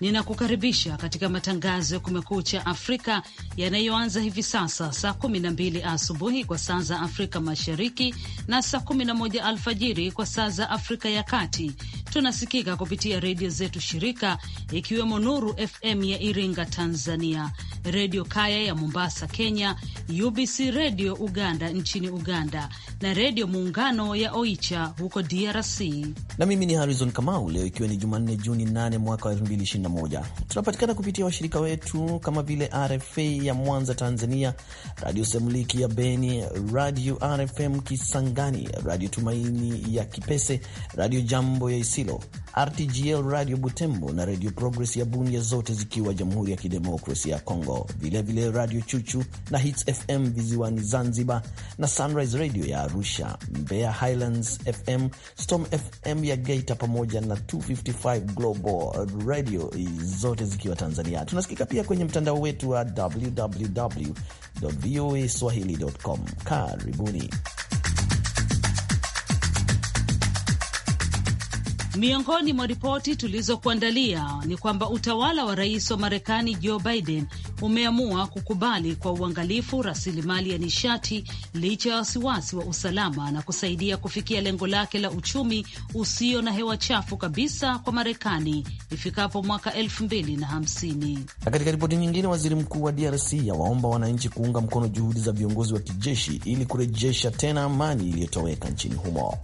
Ninakukaribisha katika matangazo ya Kumekucha Afrika yanayoanza hivi sasa saa 12 asubuhi kwa saa za Afrika Mashariki na saa 11 alfajiri kwa saa za Afrika ya Kati. Tunasikika kupitia redio zetu shirika, ikiwemo Nuru FM ya Iringa Tanzania, Redio Kaya ya Mombasa Kenya, UBC Redio Uganda nchini Uganda na Redio Muungano ya Oicha huko DRC. Na mimi ni Harrison Kamau, leo ikiwa ni Jumanne Juni 8 mwaka wa moja. Tunapatikana kupitia washirika wetu kama vile RFA ya Mwanza Tanzania, Radio Semliki ya Beni, Radio RFM Kisangani, Radio Tumaini ya Kipese, Radio Jambo ya Isilo, RTGL Radio Butembo na Radio Progress ya Bunia, zote zikiwa Jamhuri ya Kidemokrasia ya Kongo, vilevile Radio Chuchu na Hits FM viziwani Zanzibar, na Sunrise Radio ya Arusha, Mbeya Highlands FM, Storm FM ya Geita, pamoja na 255 Global Radio zote zikiwa Tanzania. Tunasikika pia kwenye mtandao wetu wa www.voaswahili.com. Karibuni. Miongoni mwa ripoti tulizokuandalia ni kwamba utawala wa rais wa Marekani Joe Biden umeamua kukubali kwa uangalifu rasilimali ya nishati licha ya wasiwasi wa usalama na kusaidia kufikia lengo lake la uchumi usio na hewa chafu kabisa kwa Marekani ifikapo mwaka 2050. Na katika ripoti nyingine, waziri mkuu wa DRC awaomba wananchi kuunga mkono juhudi za viongozi wa kijeshi ili kurejesha tena amani iliyotoweka nchini humo.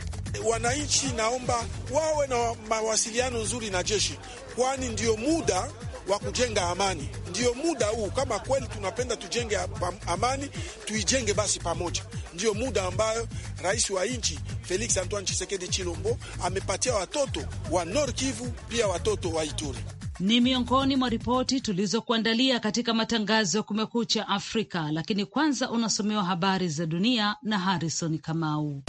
Wananchi naomba wawe na mawasiliano nzuri na jeshi, kwani ndio muda wa kujenga amani. Ndiyo muda huu, kama kweli tunapenda tujenge amani, tuijenge basi pamoja. Ndiyo muda ambayo rais wa nchi Felix Antoine chisekedi Chilombo amepatia watoto wa Nord Kivu, pia watoto wa Ituri ni miongoni mwa ripoti tulizokuandalia katika matangazo ya Kumekucha Afrika, lakini kwanza unasomewa habari za dunia na Harrison Kamau.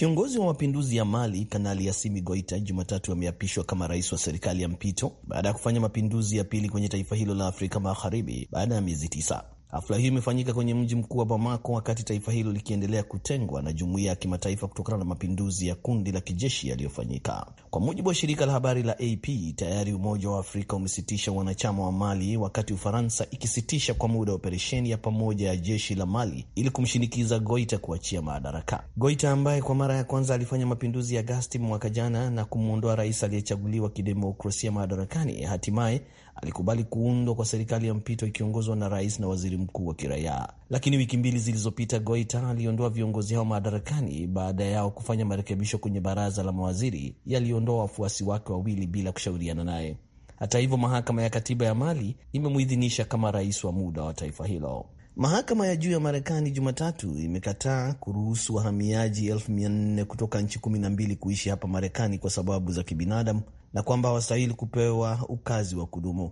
Kiongozi wa mapinduzi ya Mali Kanali yasimi Goita Jumatatu ameapishwa kama rais wa serikali ya mpito baada ya kufanya mapinduzi ya pili kwenye taifa hilo la Afrika Magharibi baada ya miezi tisa. Hafla hiyo imefanyika kwenye mji mkuu wa Bamako wakati taifa hilo likiendelea kutengwa na jumuiya ya kimataifa kutokana na mapinduzi ya kundi la kijeshi yaliyofanyika. Kwa mujibu wa shirika la habari la AP, tayari Umoja wa Afrika umesitisha wanachama wa Mali, wakati Ufaransa ikisitisha kwa muda operesheni ya pamoja ya jeshi la Mali ili kumshinikiza Goita kuachia madaraka. Goita ambaye kwa mara ya kwanza alifanya mapinduzi ya gasti mwaka jana na kumwondoa rais aliyechaguliwa kidemokrasia madarakani, hatimaye alikubali kuundwa kwa serikali ya mpito ikiongozwa na rais na waziri mkuu wa kiraia. Lakini wiki mbili zilizopita, Goita aliondoa viongozi hao madarakani baada yao kufanya marekebisho kwenye baraza la mawaziri yaliyoondoa wafuasi wake wawili bila kushauriana naye. Hata hivyo, mahakama ya katiba ya Mali imemuidhinisha kama rais wa muda wa taifa hilo. Mahakama ya juu ya Marekani Jumatatu imekataa kuruhusu wahamiaji elfu mia nne kutoka nchi kumi na mbili kuishi hapa Marekani kwa sababu za kibinadamu na kwamba hawastahili kupewa ukazi wa kudumu.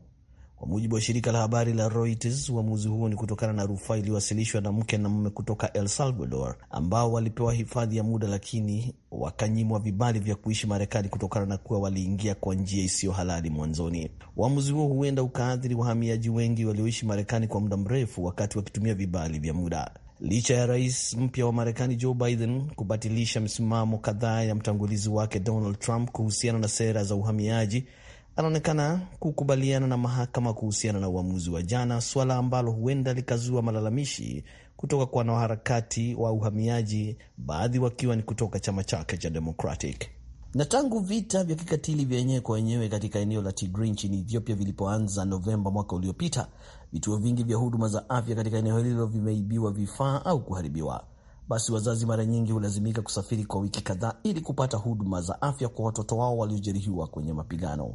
Kwa mujibu wa shirika la habari la Reuters, uamuzi huo ni kutokana na rufaa iliyowasilishwa na mke na mume kutoka El Salvador ambao walipewa hifadhi ya muda lakini wakanyimwa vibali vya kuishi Marekani kutokana na kuwa waliingia kwa njia isiyo halali mwanzoni. Uamuzi huo huenda ukaathiri wahamiaji wengi walioishi Marekani kwa muda mrefu wakati wakitumia vibali vya muda. Licha ya rais mpya wa Marekani Joe Biden kubatilisha msimamo kadhaa ya mtangulizi wake Donald Trump kuhusiana na sera za uhamiaji anaonekana kukubaliana na mahakama kuhusiana na uamuzi wa jana, suala ambalo huenda likazua malalamishi kutoka kwa wanaharakati wa uhamiaji, baadhi wakiwa ni kutoka chama chake cha Democratic. Na tangu vita vya kikatili vya wenyewe kwa wenyewe katika eneo la Tigray nchini Ethiopia vilipoanza Novemba mwaka uliopita, vituo vingi vya huduma za afya katika eneo hilo vimeibiwa vifaa au kuharibiwa. Basi wazazi mara nyingi hulazimika kusafiri kwa wiki kadhaa ili kupata huduma za afya kwa watoto wao waliojeruhiwa kwenye mapigano.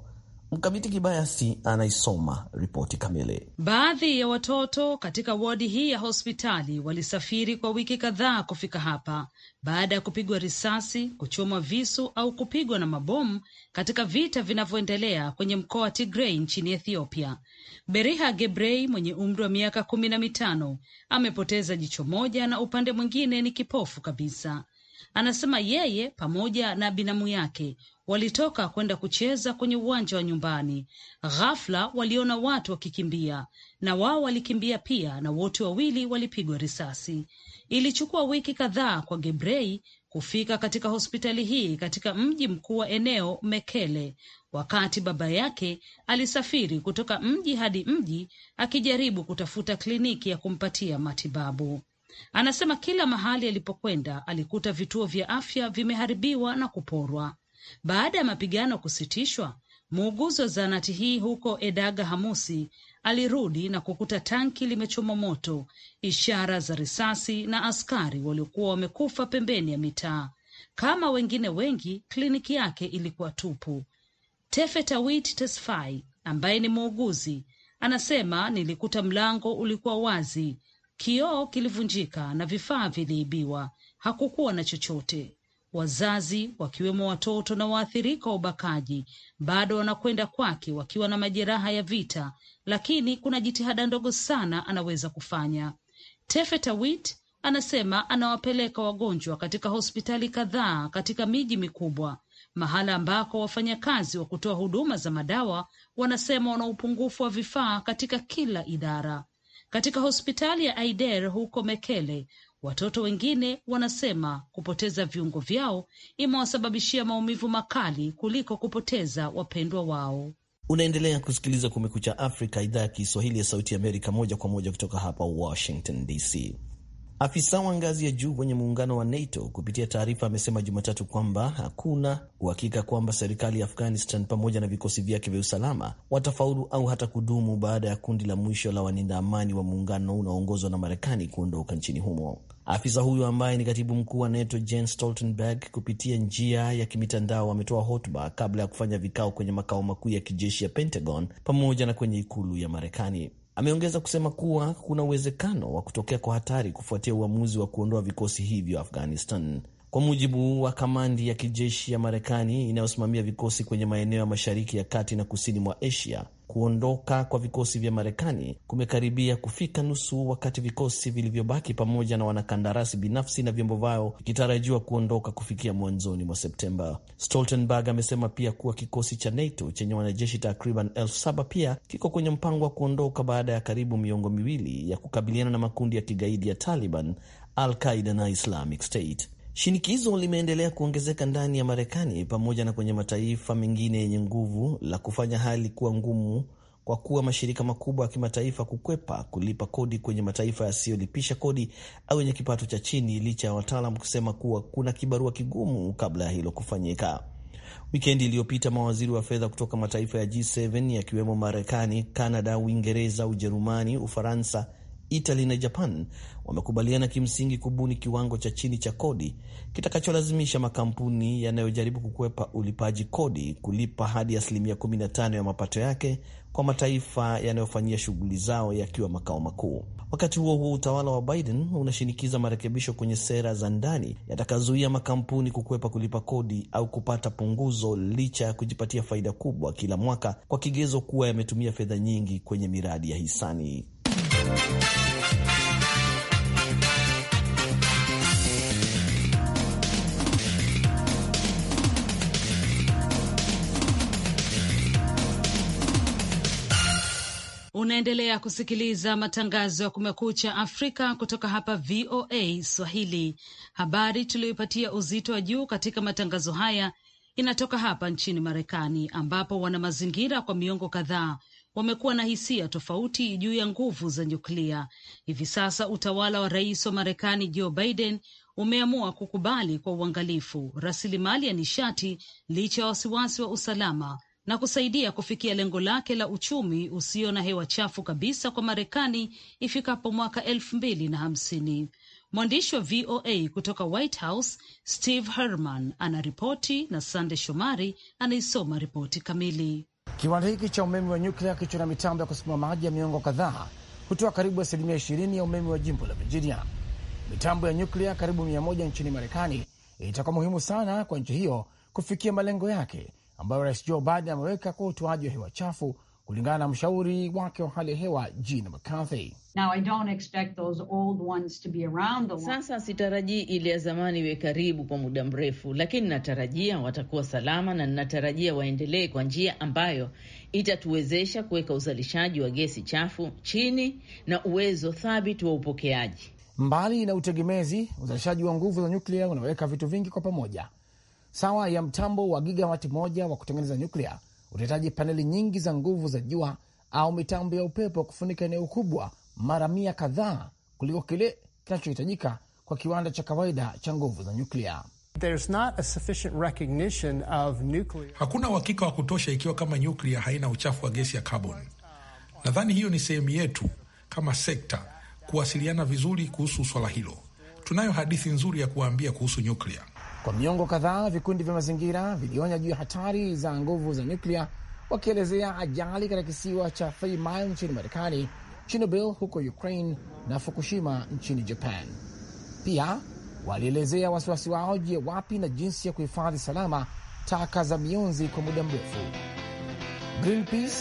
Mkamiti Kibayasi anaisoma ripoti kamili. Baadhi ya watoto katika wodi hii ya hospitali walisafiri kwa wiki kadhaa kufika hapa baada ya kupigwa risasi, kuchomwa visu au kupigwa na mabomu katika vita vinavyoendelea kwenye mkoa wa Tigrei nchini Ethiopia. Beriha Gebrei mwenye umri wa miaka kumi na mitano amepoteza jicho moja na upande mwingine ni kipofu kabisa. Anasema yeye pamoja na binamu yake walitoka kwenda kucheza kwenye uwanja wa nyumbani. Ghafla waliona watu wakikimbia, na wao walikimbia pia, na wote wawili walipigwa risasi. Ilichukua wiki kadhaa kwa Gebrei kufika katika hospitali hii katika mji mkuu wa eneo Mekele, wakati baba yake alisafiri kutoka mji hadi mji akijaribu kutafuta kliniki ya kumpatia matibabu. Anasema kila mahali alipokwenda alikuta vituo vya afya vimeharibiwa na kuporwa. Baada ya mapigano kusitishwa, muuguzi wa zahanati hii huko Edaga Hamusi alirudi na kukuta tanki limechoma moto, ishara za risasi na askari waliokuwa wamekufa pembeni ya mitaa. Kama wengine wengi, kliniki yake ilikuwa tupu. Tefetawit Tesfai ambaye ni muuguzi anasema, nilikuta mlango ulikuwa wazi, kioo kilivunjika na vifaa viliibiwa, hakukuwa na chochote. Wazazi wakiwemo watoto na waathirika wa ubakaji bado wanakwenda kwake wakiwa na majeraha ya vita, lakini kuna jitihada ndogo sana anaweza kufanya. Tefetawit anasema anawapeleka wagonjwa katika hospitali kadhaa katika miji mikubwa, mahala ambako wafanyakazi wa kutoa huduma za madawa wanasema wana upungufu wa vifaa katika kila idara. Katika hospitali ya Aider huko Mekele Watoto wengine wanasema kupoteza viungo vyao imewasababishia maumivu makali kuliko kupoteza wapendwa wao. Unaendelea kusikiliza Kumekucha Afrika, idhaa ya Kiswahili ya Sauti Amerika, moja kwa moja kutoka hapa Washington DC. Afisa wa ngazi ya juu kwenye muungano wa NATO kupitia taarifa amesema Jumatatu kwamba hakuna uhakika kwamba serikali ya Afghanistan pamoja na vikosi vyake vya usalama watafaulu au hata kudumu baada ya kundi la mwisho la waninda amani wa muungano unaoongozwa na Marekani kuondoka nchini humo. Afisa huyo ambaye ni katibu mkuu wa NATO Jens Stoltenberg, kupitia njia ya kimitandao ametoa hotuba kabla ya kufanya vikao kwenye makao makuu ya kijeshi ya Pentagon pamoja na kwenye ikulu ya Marekani. Ameongeza kusema kuwa kuna uwezekano wa kutokea kwa hatari kufuatia uamuzi wa kuondoa vikosi hivyo Afghanistan. Kwa mujibu wa kamandi ya kijeshi ya Marekani inayosimamia vikosi kwenye maeneo ya mashariki ya kati na kusini mwa Asia, Kuondoka kwa vikosi vya Marekani kumekaribia kufika nusu, wakati vikosi vilivyobaki pamoja na wanakandarasi binafsi na vyombo vyao vikitarajiwa kuondoka kufikia mwanzoni mwa Septemba. Stoltenberg amesema pia kuwa kikosi cha NATO chenye wanajeshi takriban elfu saba pia kiko kwenye mpango wa kuondoka baada ya karibu miongo miwili ya kukabiliana na makundi ya kigaidi ya Taliban, Al Qaida na Islamic State. Shinikizo limeendelea kuongezeka ndani ya Marekani pamoja na kwenye mataifa mengine yenye nguvu la kufanya hali kuwa ngumu kwa kuwa mashirika makubwa ya kimataifa kukwepa kulipa kodi kwenye mataifa yasiyolipisha kodi au yenye kipato cha chini, licha ya wataalam kusema kuwa kuna kibarua kigumu kabla ya hilo kufanyika. Wikendi iliyopita mawaziri wa fedha kutoka mataifa ya G7 yakiwemo Marekani, Kanada, Uingereza, Ujerumani, Ufaransa, Italy na Japan wamekubaliana kimsingi kubuni kiwango cha chini cha kodi kitakacholazimisha makampuni yanayojaribu kukwepa ulipaji kodi kulipa hadi asilimia 15 ya mapato yake kwa mataifa yanayofanyia shughuli zao yakiwa makao makuu. Wakati huo huo, utawala wa Biden unashinikiza marekebisho kwenye sera za ndani yatakazuia makampuni kukwepa kulipa kodi au kupata punguzo licha ya kujipatia faida kubwa kila mwaka kwa kigezo kuwa yametumia fedha nyingi kwenye miradi ya hisani. Unaendelea kusikiliza matangazo ya Kumekucha Afrika kutoka hapa VOA Swahili. Habari tuliyoipatia uzito wa juu katika matangazo haya inatoka hapa nchini Marekani, ambapo wanamazingira kwa miongo kadhaa wamekuwa na hisia tofauti juu ya nguvu za nyuklia. Hivi sasa utawala wa rais wa Marekani Joe Biden umeamua kukubali kwa uangalifu rasilimali ya nishati licha ya wasiwasi wa usalama na kusaidia kufikia lengo lake la uchumi usio na hewa chafu kabisa kwa Marekani ifikapo mwaka elfu mbili na hamsini. Mwandishi wa VOA kutoka White House Steve Herman anaripoti na Sande Shomari anaisoma ripoti kamili. Kiwanda hiki cha umeme wa nyuklia kilicho na mitambo ya kusimama maji ya miongo kadhaa hutoa karibu asilimia 20 ya umeme wa jimbo la Virginia. Mitambo ya nyuklia karibu 100 nchini Marekani itakuwa muhimu sana kwa nchi hiyo kufikia malengo yake ambayo Rais Joe Biden ameweka kwa utoaji wa hewa chafu kulingana na mshauri wake wa hali ya hewa jin McCarthy. Now, I don't expect those old ones to be around the... Sasa sitarajii ile ya zamani iwe karibu kwa muda mrefu, lakini natarajia watakuwa salama na ninatarajia waendelee kwa njia ambayo itatuwezesha kuweka uzalishaji wa gesi chafu chini na uwezo thabiti wa upokeaji. Mbali na utegemezi, uzalishaji wa nguvu za nyuklia unaweka vitu vingi kwa pamoja, sawa ya mtambo wa gigawati moja wa kutengeneza nyuklia utahitaji paneli nyingi za nguvu za jua au mitambo ya upepo kufunika eneo kubwa mara mia kadhaa kuliko kile kinachohitajika kwa kiwanda cha kawaida cha nguvu za nyuklia. Hakuna uhakika wa kutosha ikiwa kama nyuklia haina uchafu wa gesi ya carbon Nadhani hiyo ni sehemu yetu kama sekta kuwasiliana vizuri kuhusu swala hilo. Tunayo hadithi nzuri ya kuwaambia kuhusu nyuklia. Kwa miongo kadhaa, vikundi vya mazingira vilionya juu ya hatari za nguvu za nyuklia, wakielezea ajali katika kisiwa cha Three Mile nchini Marekani, Chernobyl huko Ukraine na Fukushima nchini Japan. Pia walielezea wasiwasi wao juu ya wapi na jinsi ya kuhifadhi salama taka za mionzi kwa muda mrefu. Greenpeace,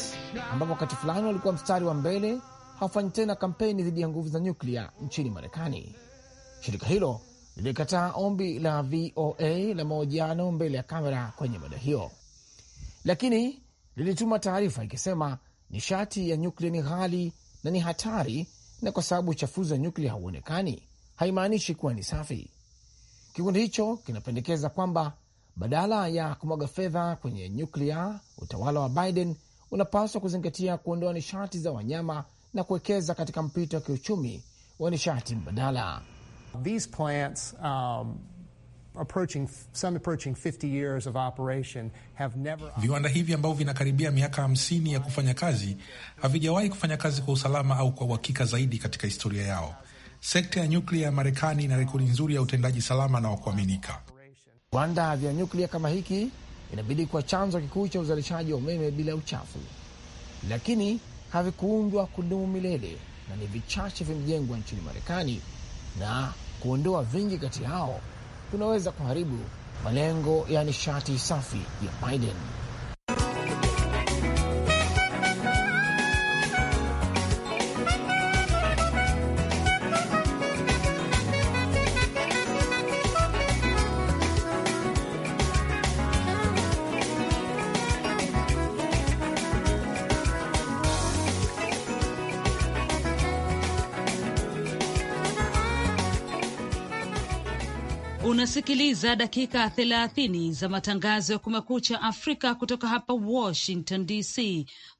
ambapo wakati fulani walikuwa mstari wa mbele, hawafanyi tena kampeni dhidi ya nguvu za nyuklia nchini Marekani. Shirika hilo lilikataa ombi la VOA la mahojiano mbele ya kamera kwenye mada hiyo, lakini lilituma taarifa ikisema nishati ya nyuklia ni ghali na ni hatari, na kwa sababu uchafuzi wa nyuklia hauonekani haimaanishi kuwa ni safi. Kikundi hicho kinapendekeza kwamba badala ya kumwaga fedha kwenye nyuklia, utawala wa Biden unapaswa kuzingatia kuondoa nishati za wanyama na kuwekeza katika mpito wa kiuchumi wa nishati mbadala. These plants, um, approaching, some approaching 50 years of operation have never... Viwanda hivi ambavyo vinakaribia miaka hamsini ya kufanya kazi havijawahi kufanya kazi kwa usalama au kwa uhakika zaidi katika historia yao. Sekta ya nyuklia ya Marekani ina rekodi nzuri ya utendaji salama na wa kuaminika. Viwanda vya nyuklia kama hiki inabidi kuwa chanzo kikuu cha uzalishaji wa umeme bila uchafu, lakini havikuundwa kudumu milele na ni vichache vimejengwa nchini Marekani na kuondoa vingi kati yao kunaweza kuharibu malengo ya nishati safi ya Biden. za dakika 30 za matangazo ya Kumekucha Afrika kutoka hapa Washington DC,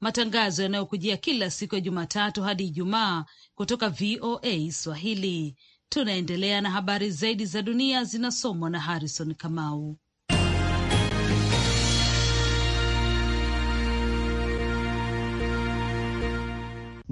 matangazo yanayokujia kila siku ya Jumatatu hadi Ijumaa kutoka VOA Swahili. Tunaendelea na habari zaidi za dunia, zinasomwa na Harrison Kamau.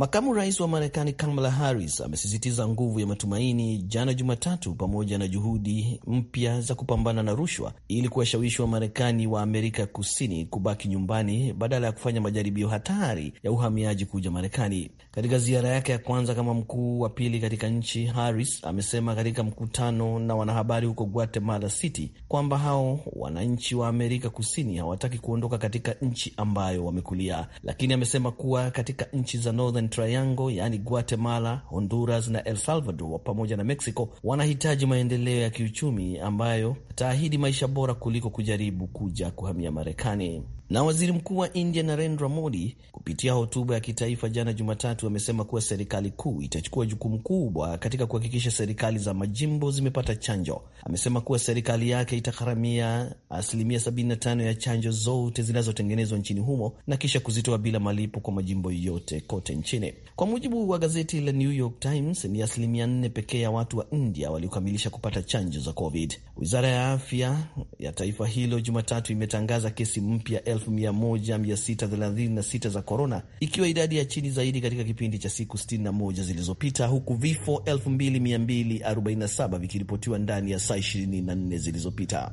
Makamu rais wa Marekani Kamala Harris amesisitiza nguvu ya matumaini jana Jumatatu, pamoja na juhudi mpya za kupambana na rushwa ili kuwashawishi marekani wa Amerika Kusini kubaki nyumbani badala ya kufanya majaribio hatari ya uhamiaji kuja Marekani. Katika ziara yake ya kwanza kama mkuu wa pili katika nchi, Harris amesema katika mkutano na wanahabari huko Guatemala City kwamba hao wananchi wa Amerika Kusini hawataki kuondoka katika nchi ambayo wamekulia, lakini amesema kuwa katika nchi za Northern Triangle yaani Guatemala, Honduras na el Salvador pamoja na Mexico wanahitaji maendeleo ya kiuchumi ambayo ataahidi maisha bora kuliko kujaribu kuja kuhamia Marekani. Na waziri mkuu wa India Narendra Modi kupitia hotuba ya kitaifa jana Jumatatu amesema kuwa serikali kuu itachukua jukumu kubwa katika kuhakikisha serikali za majimbo zimepata chanjo. Amesema kuwa serikali yake itagharamia asilimia 75 ya chanjo zote zinazotengenezwa nchini humo na kisha kuzitoa bila malipo kwa majimbo yote kote nchini. Kwa mujibu wa gazeti la New York Times, ni asilimia 4 pekee ya watu wa India waliokamilisha kupata chanjo za COVID. Wizara ya afya ya taifa hilo Jumatatu imetangaza kesi mpya 1,636 za korona, ikiwa idadi ya chini zaidi katika kipindi cha siku 61 zilizopita, huku vifo 2,247 vikiripotiwa ndani ya saa 24 zilizopita.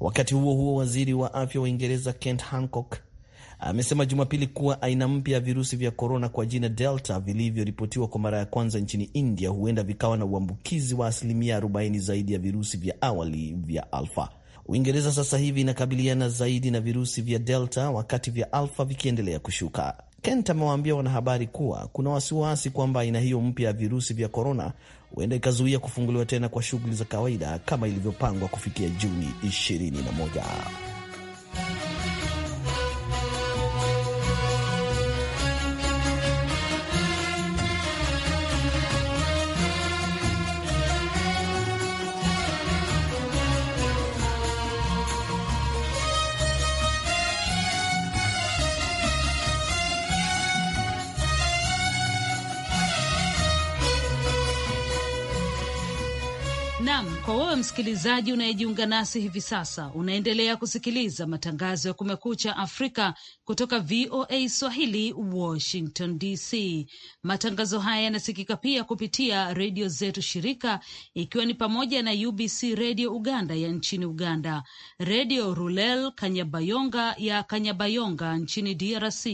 Wakati huo huo, waziri wa afya wa Uingereza Kent Hancock amesema Jumapili kuwa aina mpya ya virusi vya korona kwa jina Delta vilivyoripotiwa kwa mara ya kwanza nchini India huenda vikawa na uambukizi wa asilimia 40 zaidi ya virusi vya awali vya Alfa. Uingereza sasa hivi inakabiliana zaidi na virusi vya Delta wakati vya Alfa vikiendelea kushuka. Kent amewaambia wanahabari kuwa kuna wasiwasi kwamba aina hiyo mpya ya virusi vya korona huenda ikazuia kufunguliwa tena kwa shughuli za kawaida kama ilivyopangwa kufikia Juni 21. msikilizaji unayejiunga nasi hivi sasa, unaendelea kusikiliza matangazo ya Kumekucha Afrika kutoka VOA Swahili, Washington DC. Matangazo haya yanasikika pia kupitia redio zetu shirika, ikiwa ni pamoja na UBC Redio Uganda ya nchini Uganda, Redio Rulel Kanyabayonga ya Kanyabayonga nchini DRC,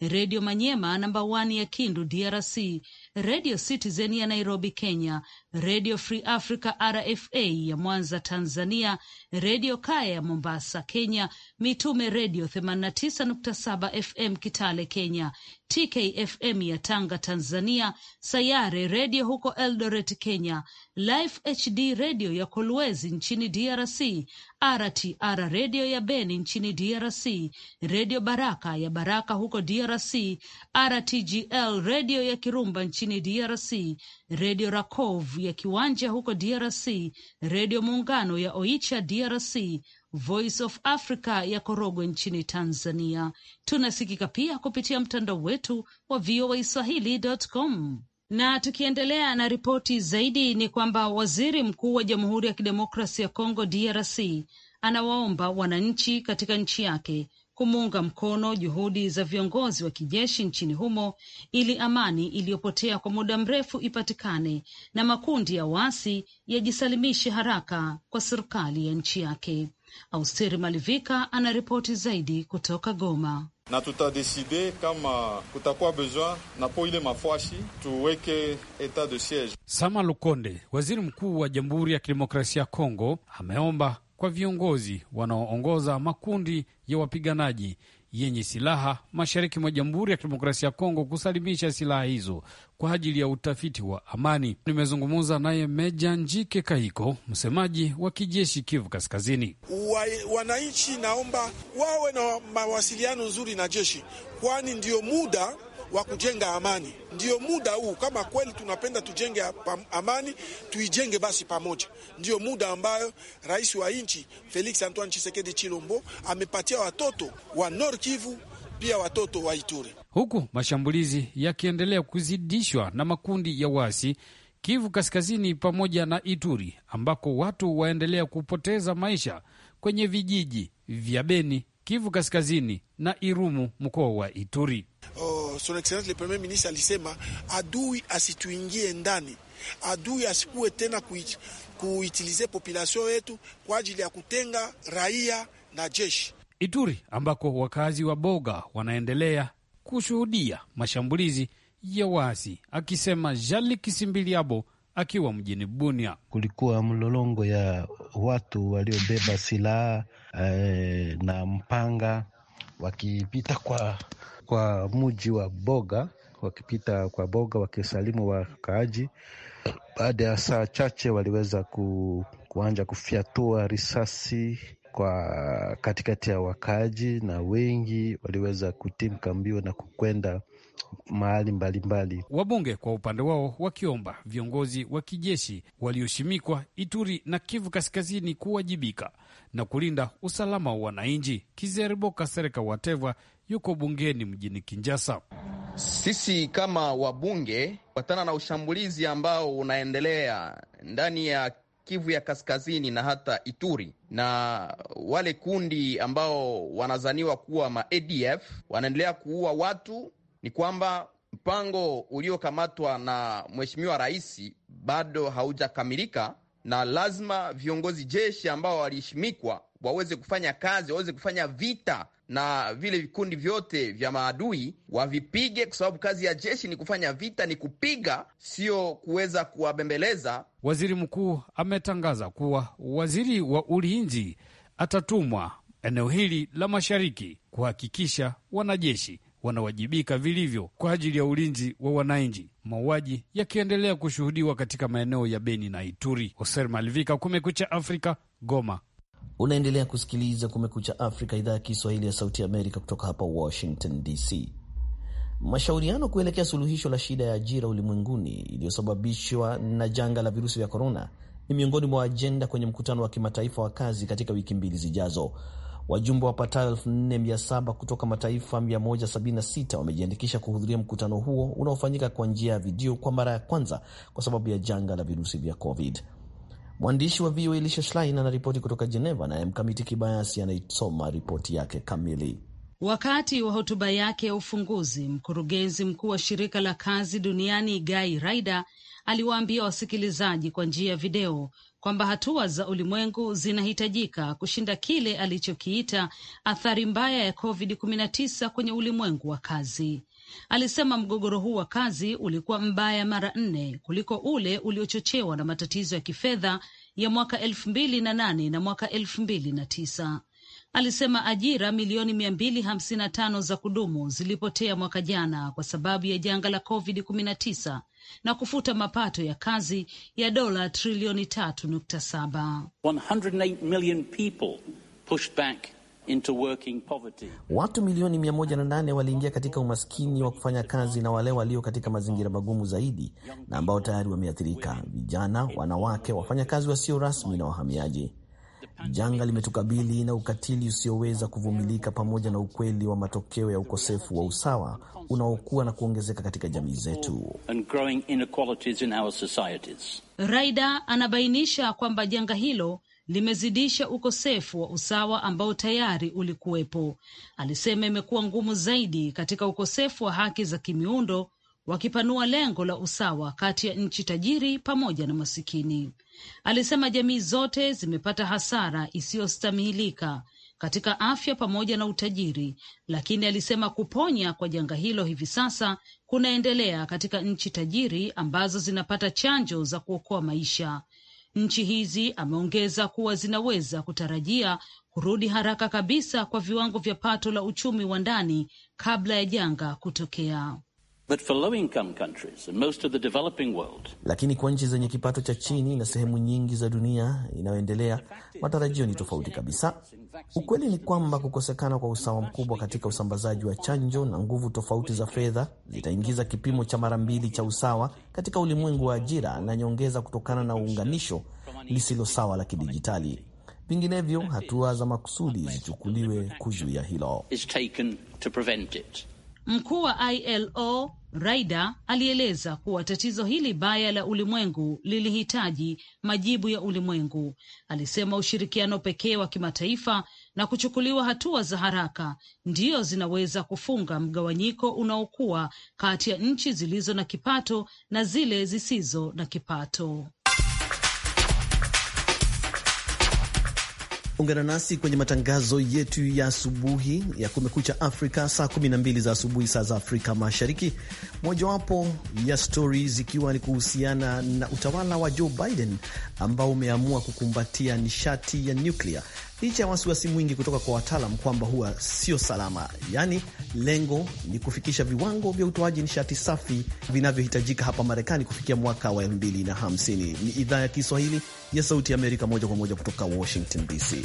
Redio Manyema namba 1 ya Kindu, DRC, Radio Citizen ya Nairobi, Kenya, Radio Free Africa RFA ya Mwanza, Tanzania, Radio Kaya ya Mombasa, Kenya, Mitume Redio 89.7 FM Kitale, Kenya, TKFM ya Tanga Tanzania, Sayare Redio huko Eldoret Kenya, Life HD Redio ya Kolwezi nchini DRC, RTR Redio ya Beni nchini DRC, Redio Baraka ya Baraka huko DRC, RTGL Redio ya Kirumba nchini DRC, Redio Rakov ya Kiwanja huko DRC, Redio Muungano ya Oicha DRC, Voice of Africa ya Korogwe nchini Tanzania. Tunasikika pia kupitia mtandao wetu wa VOA Swahili.com. Na tukiendelea na ripoti zaidi, ni kwamba waziri mkuu wa Jamhuri ya Kidemokrasi ya Kongo DRC anawaomba wananchi katika nchi yake kumuunga mkono juhudi za viongozi wa kijeshi nchini humo ili amani iliyopotea kwa muda mrefu ipatikane na makundi ya waasi yajisalimishe haraka kwa serikali ya nchi yake. Austeri Malivika anaripoti zaidi kutoka Goma na tutadeside kama kutakuwa bezwa na po ile mafuashi tuweke etat de siege. Sama Lukonde, waziri mkuu wa Jamhuri ya Kidemokrasia ya Kongo, ameomba kwa viongozi wanaoongoza makundi ya wapiganaji yenye silaha mashariki mwa Jamhuri ya Kidemokrasia ya Kongo kusalimisha silaha hizo kwa ajili ya utafiti wa amani. Nimezungumza naye Meja Njike Kaiko, msemaji wa kijeshi Kivu Kaskazini. Wananchi naomba wawe na mawasiliano nzuri na jeshi, kwani ndio muda wa kujenga amani. Ndiyo muda huu, kama kweli tunapenda tujenge amani, tuijenge basi pamoja. Ndiyo muda ambayo rais wa nchi Felix Antoine chisekedi Chilombo amepatia watoto wa Nord Kivu pia watoto wa Ituri, huku mashambulizi yakiendelea kuzidishwa na makundi ya wasi Kivu Kaskazini pamoja na Ituri ambako watu waendelea kupoteza maisha kwenye vijiji vya Beni Kivu Kaskazini na Irumu, mkoa wa Ituri. Oh, son excellence le premier ministre alisema adui asituingie ndani, adui asikuwe tena kuitilize populasio yetu kwa ajili ya kutenga raia na jeshi. Ituri ambako wakazi wa Boga wanaendelea kushuhudia mashambulizi ya waasi, akisema Jali Kisimbiliabo akiwa mjini Bunia. Kulikuwa mlolongo ya watu waliobeba silaha e, na mpanga wakipita kwa, kwa mji wa Boga, wakipita kwa Boga wakisalimu wakaaji. Baada ya saa chache waliweza ku, kuanja kufyatua risasi kwa katikati ya wakaaji, na wengi waliweza kutimka mbio na kukwenda mahali mbalimbali. Wabunge kwa upande wao wakiomba viongozi wa kijeshi walioshimikwa Ituri na Kivu Kaskazini kuwajibika na kulinda usalama wa wananchi. Kizeriboka Sereka Wateva yuko bungeni mjini Kinjasa. Sisi kama wabunge patana na ushambulizi ambao unaendelea ndani ya Kivu ya Kaskazini na hata Ituri na wale kundi ambao wanazaniwa kuwa ma ADF wanaendelea kuua watu ni kwamba mpango uliokamatwa na mheshimiwa rais bado haujakamilika, na lazima viongozi jeshi ambao waliheshimikwa waweze kufanya kazi, waweze kufanya vita na vile vikundi vyote vya maadui wavipige, kwa sababu kazi ya jeshi ni kufanya vita, ni kupiga, sio kuweza kuwabembeleza. Waziri mkuu ametangaza kuwa waziri wa ulinzi atatumwa eneo hili la mashariki kuhakikisha wanajeshi wanawajibika vilivyo kwa ajili ya ulinzi wa wananchi, mauaji yakiendelea kushuhudiwa katika maeneo ya Beni na Ituri. Hoser Malivika, Kumekucha Afrika, Goma. Unaendelea kusikiliza Kumekucha Afrika, idhaa ya Kiswahili ya Sauti Amerika kutoka hapa Washington DC. Mashauriano kuelekea suluhisho la shida ya ajira ulimwenguni iliyosababishwa na janga la virusi vya korona ni miongoni mwa ajenda kwenye mkutano wa kimataifa wa kazi katika wiki mbili zijazo. Wajumbe wapatao 4700 kutoka mataifa 176 wamejiandikisha kuhudhuria mkutano huo unaofanyika kwa njia ya video kwa mara ya kwanza kwa sababu ya janga la virusi vya COVID. Mwandishi wa VOA Lisha Schlein anaripoti kutoka Jeneva, naye Mkamiti Kibayasi anaisoma ripoti yake kamili. Wakati wa hotuba yake ya ufunguzi, mkurugenzi mkuu wa shirika la kazi duniani Guy Ryder aliwaambia wasikilizaji kwa njia ya video kwamba hatua za ulimwengu zinahitajika kushinda kile alichokiita athari mbaya ya COVID-19 kwenye ulimwengu wa kazi. Alisema mgogoro huu wa kazi ulikuwa mbaya mara nne kuliko ule uliochochewa na matatizo ya kifedha ya mwaka elfu mbili na nane na mwaka elfu mbili na tisa alisema ajira milioni 255 za kudumu zilipotea mwaka jana kwa sababu ya janga la COVID 19 na kufuta mapato ya kazi ya dola trilioni 37 nukta Watu milioni 18 waliingia katika umaskini wa kufanya kazi na wale walio katika mazingira magumu zaidi na ambao tayari wameathirika: vijana, wanawake, wafanyakazi wasio rasmi na wahamiaji. Janga limetukabili na ukatili usioweza kuvumilika, pamoja na ukweli wa matokeo ya ukosefu wa usawa unaokuwa na kuongezeka katika jamii zetu. Raida anabainisha kwamba janga hilo limezidisha ukosefu wa usawa ambao tayari ulikuwepo. Alisema imekuwa ngumu zaidi katika ukosefu wa haki za kimiundo wakipanua lengo la usawa kati ya nchi tajiri pamoja na masikini. Alisema jamii zote zimepata hasara isiyostahimilika katika afya pamoja na utajiri, lakini alisema kuponya kwa janga hilo hivi sasa kunaendelea katika nchi tajiri ambazo zinapata chanjo za kuokoa maisha. Nchi hizi, ameongeza kuwa, zinaweza kutarajia kurudi haraka kabisa kwa viwango vya pato la uchumi wa ndani kabla ya janga kutokea. But for low income countries and most of the developing world, lakini kwa nchi zenye kipato cha chini na sehemu nyingi za dunia inayoendelea matarajio ni tofauti kabisa. Ukweli ni kwamba kukosekana kwa usawa mkubwa katika usambazaji wa chanjo na nguvu tofauti za fedha zitaingiza kipimo cha mara mbili cha usawa katika ulimwengu wa ajira na nyongeza kutokana na uunganisho lisilo sawa la kidijitali. Vinginevyo, hatua za makusudi zichukuliwe kuzuia hilo. Mkuu wa ILO Raida alieleza kuwa tatizo hili baya la ulimwengu lilihitaji majibu ya ulimwengu. Alisema ushirikiano pekee wa kimataifa na kuchukuliwa hatua za haraka ndiyo zinaweza kufunga mgawanyiko unaokuwa kati ya nchi zilizo na kipato na zile zisizo na kipato. Ungana nasi kwenye matangazo yetu ya asubuhi ya Kumekucha Afrika saa 12 za asubuhi saa za Afrika Mashariki, mojawapo ya stori zikiwa ni kuhusiana na utawala wa Joe Biden ambao umeamua kukumbatia nishati ya nyuklia licha ya wasiwasi mwingi kutoka kwa wataalam kwamba huwa sio salama. Yaani, lengo ni kufikisha viwango vya utoaji nishati safi vinavyohitajika hapa Marekani kufikia mwaka wa 2050. Ni idhaa ya Kiswahili ya Sauti ya Amerika, moja kwa moja kutoka Washington DC.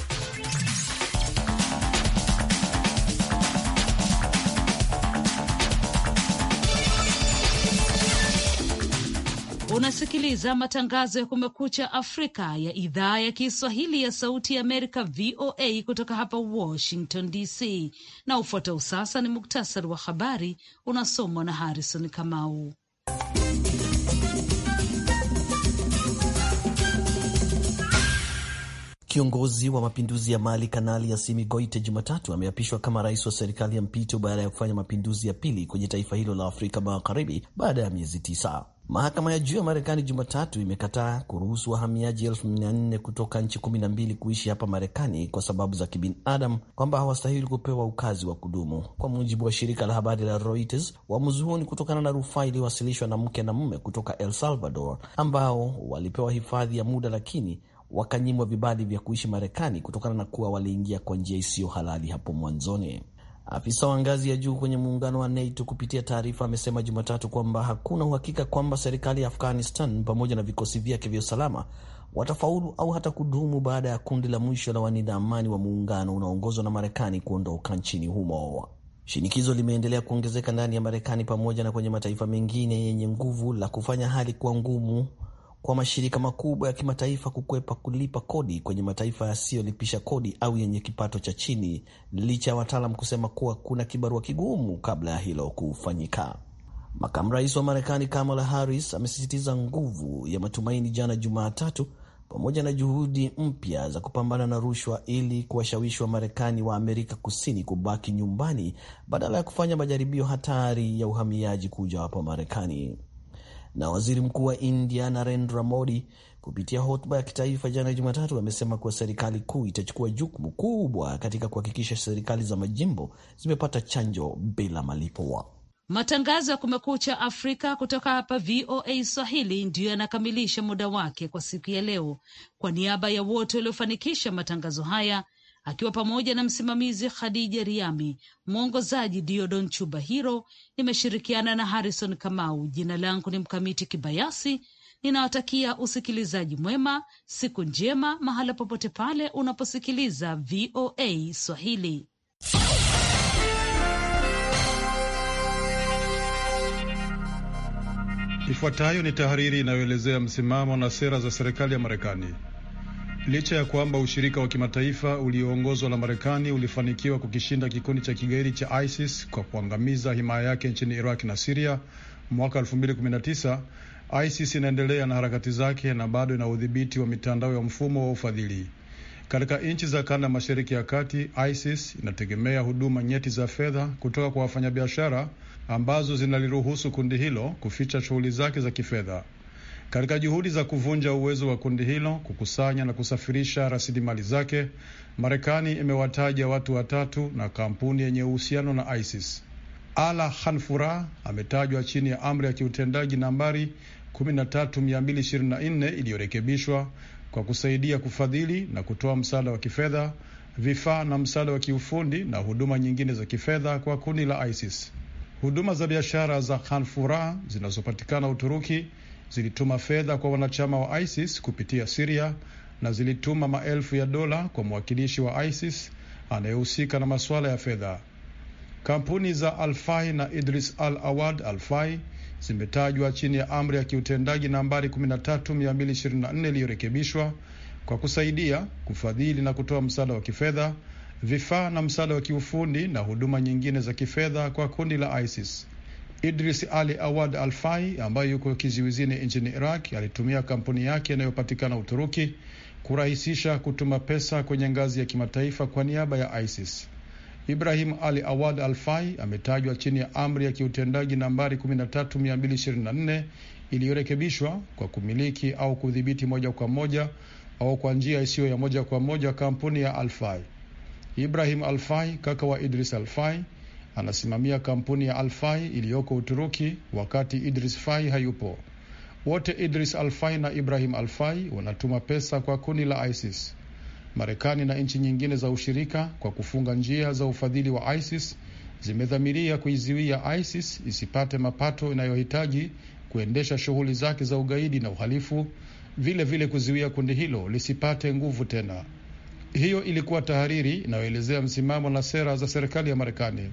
Unasikiliza matangazo ya Kumekucha Afrika ya idhaa ya Kiswahili ya Sauti ya Amerika, VOA, kutoka hapa Washington DC. Na ufuatao sasa ni muktasari wa habari unasomwa na Harrison Kamau. Kiongozi wa mapinduzi ya Mali Kanali yasimi Goite Jumatatu ameapishwa kama rais wa serikali ya mpito baada ya kufanya mapinduzi ya pili kwenye taifa hilo la Afrika Magharibi baada ya miezi tisa. Mahakama ya juu ya Marekani Jumatatu imekataa kuruhusu wahamiaji elfu mia nne kutoka nchi kumi na mbili kuishi hapa Marekani kwa sababu za kibinadamu, kwamba hawastahili kupewa ukazi wa kudumu, kwa mujibu wa shirika la habari la Reuters. Uamuzi huo ni kutokana na rufaa iliyowasilishwa na mke na mume kutoka El Salvador ambao walipewa hifadhi ya muda, lakini wakanyimwa vibali vya kuishi Marekani kutokana na kuwa waliingia kwa njia isiyo halali hapo mwanzoni. Afisa wa ngazi ya juu kwenye muungano wa NATO kupitia taarifa amesema Jumatatu kwamba hakuna uhakika kwamba serikali ya Afghanistan pamoja na vikosi vyake vya usalama watafaulu au hata kudumu baada ya kundi la mwisho la wanida amani wa muungano unaoongozwa na Marekani kuondoka nchini humo. Shinikizo limeendelea kuongezeka ndani ya Marekani pamoja na kwenye mataifa mengine yenye nguvu la kufanya hali kuwa ngumu kwa mashirika makubwa ya kimataifa kukwepa kulipa kodi kwenye mataifa yasiyolipisha kodi au yenye kipato cha chini, licha ya wataalam kusema kuwa kuna kibarua kigumu kabla ya hilo kufanyika. Makamu rais wa Marekani Kamala Harris amesisitiza nguvu ya matumaini jana Jumatatu, pamoja na juhudi mpya za kupambana na rushwa ili kuwashawishi marekani wa Amerika Kusini kubaki nyumbani badala ya kufanya majaribio hatari ya uhamiaji kuja hapa Marekani na waziri mkuu wa India Narendra Modi kupitia hotuba ya kitaifa jana Jumatatu amesema kuwa serikali kuu itachukua jukumu kubwa katika kuhakikisha serikali za majimbo zimepata chanjo bila malipo. Matangazo ya Kumekucha Afrika kutoka hapa VOA Swahili ndiyo yanakamilisha muda wake kwa siku ya leo. Kwa niaba ya wote waliofanikisha matangazo haya akiwa pamoja na msimamizi Khadija Riami, mwongozaji Diodon chuba hiro Nimeshirikiana na Harrison Kamau. Jina langu ni Mkamiti Kibayasi. Ninawatakia usikilizaji mwema, siku njema, mahala popote pale unaposikiliza VOA Swahili. Ifuatayo ni tahariri inayoelezea msimamo na sera za serikali ya Marekani. Licha ya kwamba ushirika wa kimataifa ulioongozwa na Marekani ulifanikiwa kukishinda kikundi cha kigaidi cha ISIS kwa kuangamiza himaya yake nchini Iraq na Siria mwaka 2019, ISIS inaendelea na harakati zake na bado ina udhibiti wa mitandao ya mfumo wa ufadhili. Katika nchi za kanda mashariki ya kati, ISIS inategemea huduma nyeti za fedha kutoka kwa wafanyabiashara ambazo zinaliruhusu kundi hilo kuficha shughuli zake za kifedha katika juhudi za kuvunja uwezo wa kundi hilo kukusanya na kusafirisha rasilimali zake. Marekani imewataja watu watatu na kampuni yenye uhusiano na ISIS. Ala Hanfura ametajwa chini ya amri ya kiutendaji nambari 13224 iliyorekebishwa kwa kusaidia kufadhili na kutoa msaada wa kifedha, vifaa na msaada wa kiufundi na huduma nyingine za kifedha kwa kundi la ISIS. Huduma za biashara za hanfura zinazopatikana Uturuki zilituma fedha kwa wanachama wa ISIS kupitia Siria na zilituma maelfu ya dola kwa mwakilishi wa ISIS anayehusika na masuala ya fedha. Kampuni za Alfai na Idris Al Awad Alfai zimetajwa chini ya amri ya kiutendaji nambari 13224 iliyorekebishwa kwa kusaidia kufadhili na kutoa msaada wa kifedha, vifaa na msaada wa kiufundi na huduma nyingine za kifedha kwa kundi la ISIS. Idris Ali Awad Alfai ambaye yuko kizuizini nchini Iraq alitumia kampuni yake inayopatikana Uturuki kurahisisha kutuma pesa kwenye ngazi ya kimataifa kwa niaba ya ISIS. Ibrahim Ali Awad Alfai ametajwa chini ya amri ya kiutendaji nambari 13224 iliyorekebishwa kwa kumiliki au kudhibiti moja kwa moja au kwa njia isiyo ya moja kwa moja kampuni ya Alfai. Ibrahim Alfai, kaka wa Idris Alfai, anasimamia kampuni ya Alfai iliyoko Uturuki wakati Idris Fai hayupo. Wote Idris Alfai na Ibrahim Alfai wanatuma pesa kwa kundi la ISIS. Marekani na nchi nyingine za ushirika, kwa kufunga njia za ufadhili wa ISIS, zimedhamiria kuizuia ISIS isipate mapato inayohitaji kuendesha shughuli zake za ugaidi na uhalifu, vilevile vile kuzuia kundi hilo lisipate nguvu tena. Hiyo ilikuwa tahariri inayoelezea msimamo na sera za serikali ya Marekani.